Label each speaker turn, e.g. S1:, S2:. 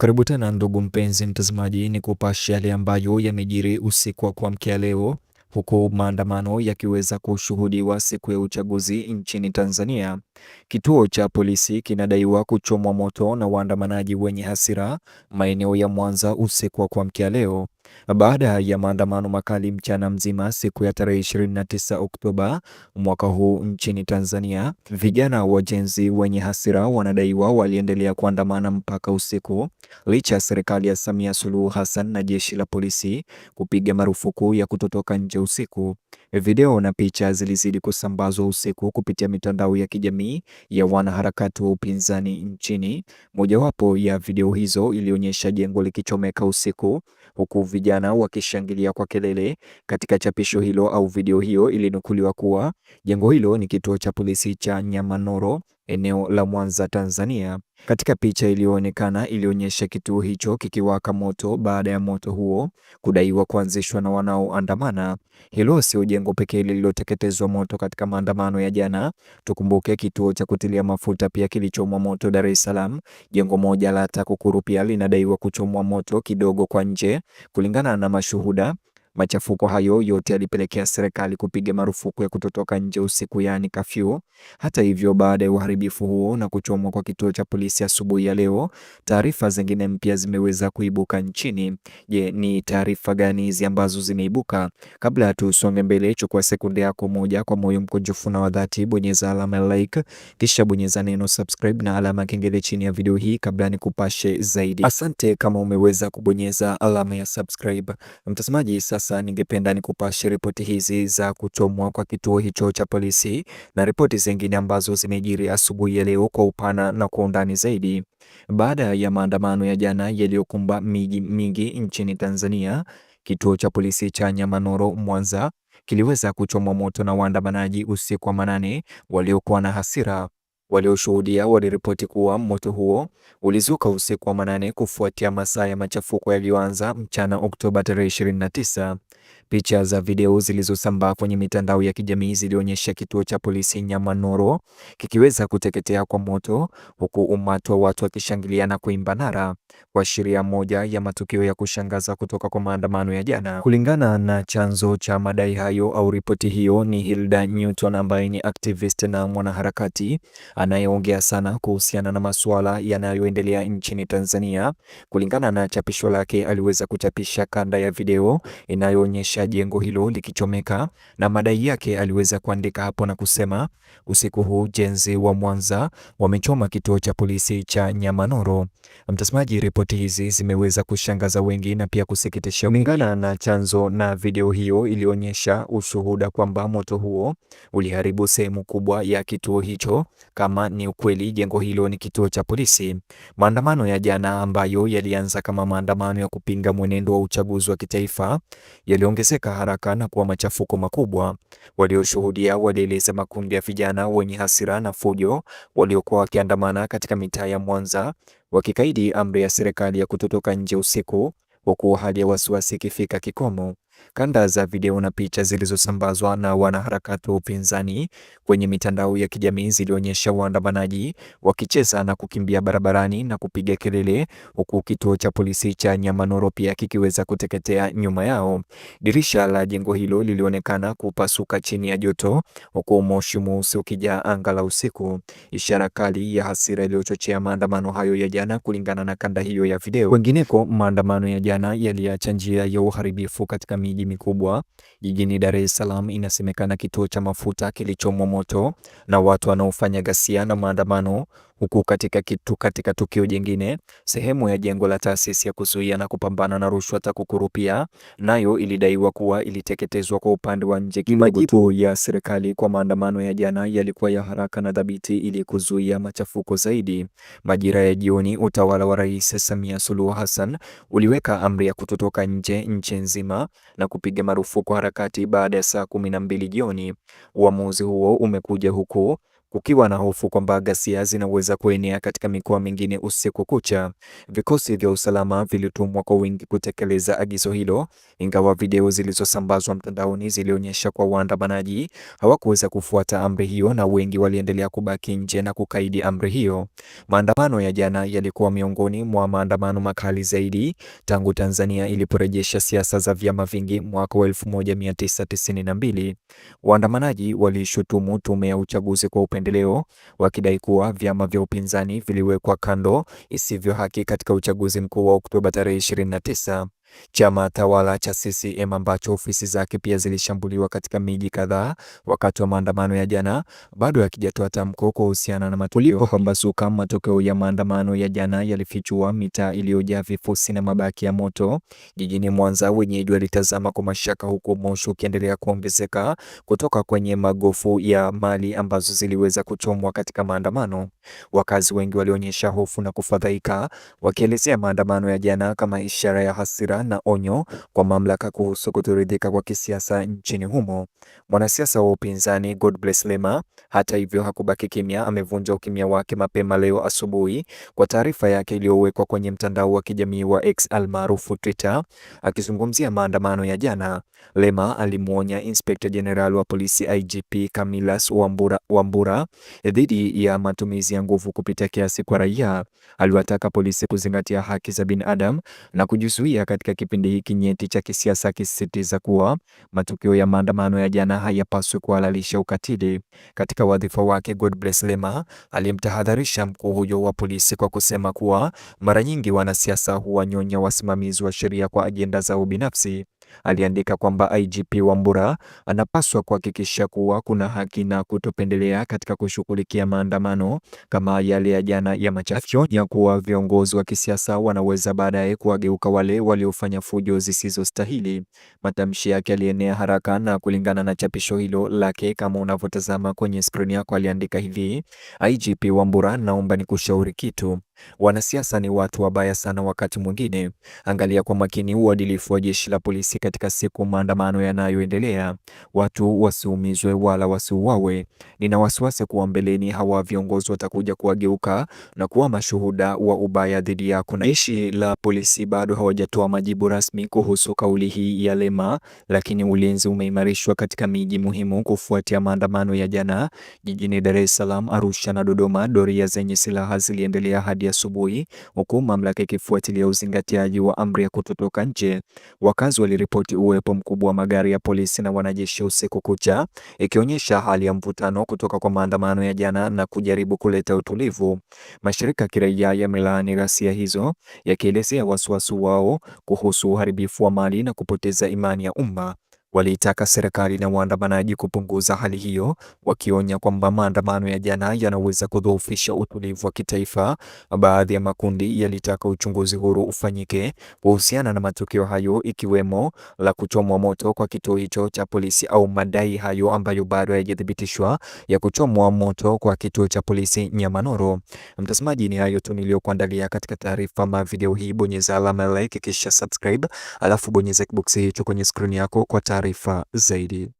S1: Karibu tena ndugu mpenzi mtazamaji, ni kupasha yale ambayo yamejiri usiku wa kuamkia leo, huku maandamano yakiweza kushuhudiwa siku ya uchaguzi nchini Tanzania. Kituo cha polisi kinadaiwa kuchomwa moto na waandamanaji wenye hasira maeneo ya Mwanza usiku wa kuamkia leo. Baada ya maandamano makali mchana mzima siku ya tarehe 29 Oktoba mwaka huu nchini Tanzania, vijana wajenzi wenye hasira wanadaiwa waliendelea kuandamana mpaka usiku, licha ya serikali ya Samia Suluhu Hassan na jeshi la polisi kupiga marufuku ya kutotoka nje usiku. Video na picha zilizidi kusambazwa usiku kupitia mitandao ya kijamii ya wanaharakati wa upinzani nchini. Mojawapo ya video hizo ilionyesha jengo likichomeka usiku, huku vijana wakishangilia kwa kelele. Katika chapisho hilo au video hiyo, ilinukuliwa kuwa jengo hilo ni kituo cha polisi cha Nyamanoro eneo la Mwanza, Tanzania. Katika picha iliyoonekana ilionyesha kituo hicho kikiwaka moto baada ya moto huo kudaiwa kuanzishwa na wanaoandamana. Hilo sio jengo pekee lililoteketezwa moto katika maandamano ya jana. Tukumbuke kituo cha kutilia mafuta pia kilichomwa moto Dar es Salaam. Jengo moja la TAKUKURU pia linadaiwa kuchomwa moto kidogo kwa nje, kulingana na mashuhuda. Machafuko hayo yote yalipelekea serikali kupiga marufuku ya kutotoka nje usiku, yaani kafyu. Hata hivyo, baada ya uharibifu huo na kuchomwa kwa kituo cha polisi asubuhi ya, leo, taarifa zingine mpya zimeweza kuibuka nchini. Je, ni taarifa gani hizi ambazo zimeibuka? Kabla ya tusonge mbele, chukua sekunde yako moja kwa moyo mkunjufu na wa dhati, bonyeza alama ya like, kisha bonyeza neno subscribe na alama kengele chini ya video hii kabla nikupashe zaidi. Asante kama umeweza kubonyeza alama ya subscribe. Mtazamaji sasa sasa ningependa nikupashe ripoti hizi za kuchomwa kwa kituo hicho cha polisi na ripoti zingine ambazo zimejiri asubuhi ya leo kwa upana na kwa undani zaidi. Baada ya maandamano ya jana yaliyokumba miji mingi nchini Tanzania, kituo cha polisi cha Nyamanoro, Mwanza, kiliweza kuchomwa moto na waandamanaji usiku wa manane waliokuwa na hasira. Walioshuhudia waliripoti kuwa moto huo ulizuka usiku wa manane kufuatia masaa ya machafuko yaliyoanza mchana Oktoba tarehe 29 Picha za video zilizosambaa kwenye mitandao ya kijamii zilionyesha kituo cha polisi Nyamanoro kikiweza kuteketea kwa moto, huku umati wa watu wakishangilia na kuimba nara, kuashiria moja ya matukio ya kushangaza kutoka kwa maandamano ya jana. Kulingana na chanzo cha madai hayo au ripoti hiyo, ni Hilda Newton ambaye ni activist na mwanaharakati anayeongea sana kuhusiana na masuala yanayoendelea nchini Tanzania. Kulingana na chapisho lake, aliweza kuchapisha kanda ya video inayoonyesha kuonyesha jengo hilo likichomeka, na madai yake aliweza kuandika hapo na kusema, usiku huu jenzi wa Mwanza wamechoma kituo cha polisi cha Nyamanoro. Mtazamaji, ripoti hizi zimeweza kushangaza wengi na pia kusikitisha. Kulingana na chanzo na video hiyo ilionyesha ushuhuda kwamba moto huo uliharibu sehemu kubwa ya kituo hicho. Kama ni ukweli jengo hilo ni kituo cha polisi, maandamano ya jana ambayo yalianza kama maandamano ya kupinga mwenendo wa uchaguzi wa kitaifa yalio yaliongezeka haraka na kuwa machafuko makubwa. Walioshuhudia walieleza makundi ya vijana wenye hasira na fujo waliokuwa wakiandamana katika mitaa ya Mwanza wakikaidi amri ya serikali ya kutotoka nje usiku, huku hali ya wasiwasi ikifika kikomo. Kanda za video na picha zilizosambazwa na wanaharakati wa upinzani kwenye mitandao ya kijamii zilionyesha waandamanaji wakicheza na kukimbia barabarani na kupiga kelele, huku kituo cha polisi cha Nyamanoro pia kikiweza kuteketea nyuma yao. Dirisha la jengo hilo lilionekana kupasuka chini ya joto, huku moshi mweusi ukijaa anga la usiku, ishara kali ya hasira iliyochochea maandamano hayo ya jana, kulingana na kanda hiyo ya video. Wengineko, maandamano ya jana yaliacha njia ya uharibifu katika miji mikubwa jijini Dar es Salaam, inasemekana kituo cha mafuta kilichomwa moto na watu wanaofanya ghasia na maandamano Huku katika kitu, katika tukio jingine, sehemu ya jengo la taasisi ya kuzuia na kupambana na rushwa TAKUKURU pia nayo ilidaiwa kuwa iliteketezwa kwa upande wa nje kidogo. ya serikali kwa maandamano ya jana yalikuwa ya haraka na dhabiti ili kuzuia machafuko zaidi. Majira ya jioni, utawala wa Rais Samia Suluhu Hassan uliweka amri ya kutotoka nje nchi nzima na kupiga marufuku harakati baada ya saa kumi na mbili jioni. Uamuzi huo umekuja huku Kukiwa na hofu kwamba ghasia zinaweza kuenea katika mikoa mingine usiku kucha, vikosi vya usalama vilitumwa kwa wingi kutekeleza agizo hilo, ingawa video zilizosambazwa mtandaoni zilionyesha kwa waandamanaji hawakuweza kufuata amri hiyo na wengi waliendelea kubaki nje na kukaidi amri hiyo. Maandamano ya jana yalikuwa miongoni mwa maandamano makali zaidi tangu Tanzania iliporejesha siasa za vyama vingi mwaka 1992. Waandamanaji walishutumu tume ya uchaguzi kwa upe Maendeleo wakidai kuwa vyama vya upinzani viliwekwa kando isivyo haki katika uchaguzi mkuu wa Oktoba tarehe 29. Chama tawala cha CCM ambacho ofisi zake pia zilishambuliwa katika miji kadhaa wakati wa maandamano ya jana, bado hakijatoa tamko kuhusiana na matukio pambazuka. Matokeo ya maandamano ya jana yalifichua mitaa iliyojaa vifusi na mabaki ya moto jijini Mwanza. Wenyeji walitazama kwa mashaka, huku moshi ukiendelea kuongezeka kutoka kwenye magofu ya mali ambazo ziliweza kuchomwa katika maandamano. Wakazi wengi walionyesha hofu na kufadhaika, wakielezea maandamano ya jana kama ishara ya hasira na onyo kwa mamlaka kuhusu kutoridhika kwa kisiasa nchini humo. Mwanasiasa wa upinzani Godbless Lema, hata hivyo, hakubaki kimya. Amevunja ukimya wake mapema leo asubuhi kwa taarifa yake iliyowekwa kwenye mtandao wa kijamii wa X almaarufu Twitter. Akizungumzia maandamano ya jana, Lema alimwonya Inspector General wa polisi IGP Camillus Wambura, Wambura dhidi ya matumizi ya nguvu kupita kiasi kwa raia. Aliwataka polisi kuzingatia haki za binadamu na kujizuia katika katika kipindi hiki nyeti cha kisiasa, akisisitiza kuwa matukio ya maandamano ya jana hayapaswi kuhalalisha ukatili. Katika wadhifa wake, Godbless Lema alimtahadharisha mkuu huyo wa polisi kwa kusema kuwa mara nyingi wanasiasa huwanyonya wasimamizi wa sheria kwa ajenda zao binafsi. Aliandika kwamba IGP Wambura anapaswa kuhakikisha kuwa kuna haki na kutopendelea katika kushughulikia maandamano kama yale ya jana ya machafuko, ya kuwa viongozi wa kisiasa wanaweza baadaye kuwageuka wale waliofanya fujo zisizostahili. Matamshi yake alienea haraka na kulingana na chapisho hilo lake kama unavyotazama kwenye skrini yako, aliandika hivi: IGP Wambura, naomba nikushauri kitu. Wanasiasa ni watu wabaya sana wakati mwingine. Angalia kwa makini uadilifu wa jeshi la polisi katika siku maandamano yanayoendelea, watu wasiumizwe wala wasiuawe. Nina wasiwasi kuwa mbeleni hawa viongozi watakuja kuwageuka na kuwa mashuhuda wa ubaya dhidi yako. Na jeshi la polisi bado hawajatoa majibu rasmi kuhusu kauli hii ya Lema, lakini ulinzi umeimarishwa katika miji muhimu kufuatia maandamano ya jana jijini Dar es Salaam, Arusha na Dodoma. Doria zenye silaha ziliendelea hadi asubuhi, huku mamlaka ikifuatilia uzingatiaji wa amri ya kutotoka nje. Wakazi waliripoti kuripoti uwepo mkubwa wa magari ya polisi na wanajeshi usiku kucha, ikionyesha hali ya mvutano kutoka kwa maandamano ya jana na kujaribu kuleta utulivu. Mashirika kiraia ya kiraia yamelaani ghasia hizo, yakielezea wasiwasi wao kuhusu uharibifu wa mali na kupoteza imani ya umma waliitaka serikali na waandamanaji kupunguza hali hiyo, wakionya kwamba maandamano ya jana yanaweza kudhoofisha utulivu wa kitaifa. Baadhi ya makundi yalitaka uchunguzi huru ufanyike kuhusiana na matukio hayo, ikiwemo la kuchomwa moto kwa kituo hicho cha polisi au madai hayo ambayo bado hayajathibitishwa ya kuchomwa moto kwa kituo cha polisi Nyamanoro. Mtazamaji, ni hayo tu niliyokuandalia katika taarifa ma video hii. Bonyeza alama like kisha subscribe, alafu bonyeza kiboksi hicho kwenye skrini yako kwa taarifa zaidi.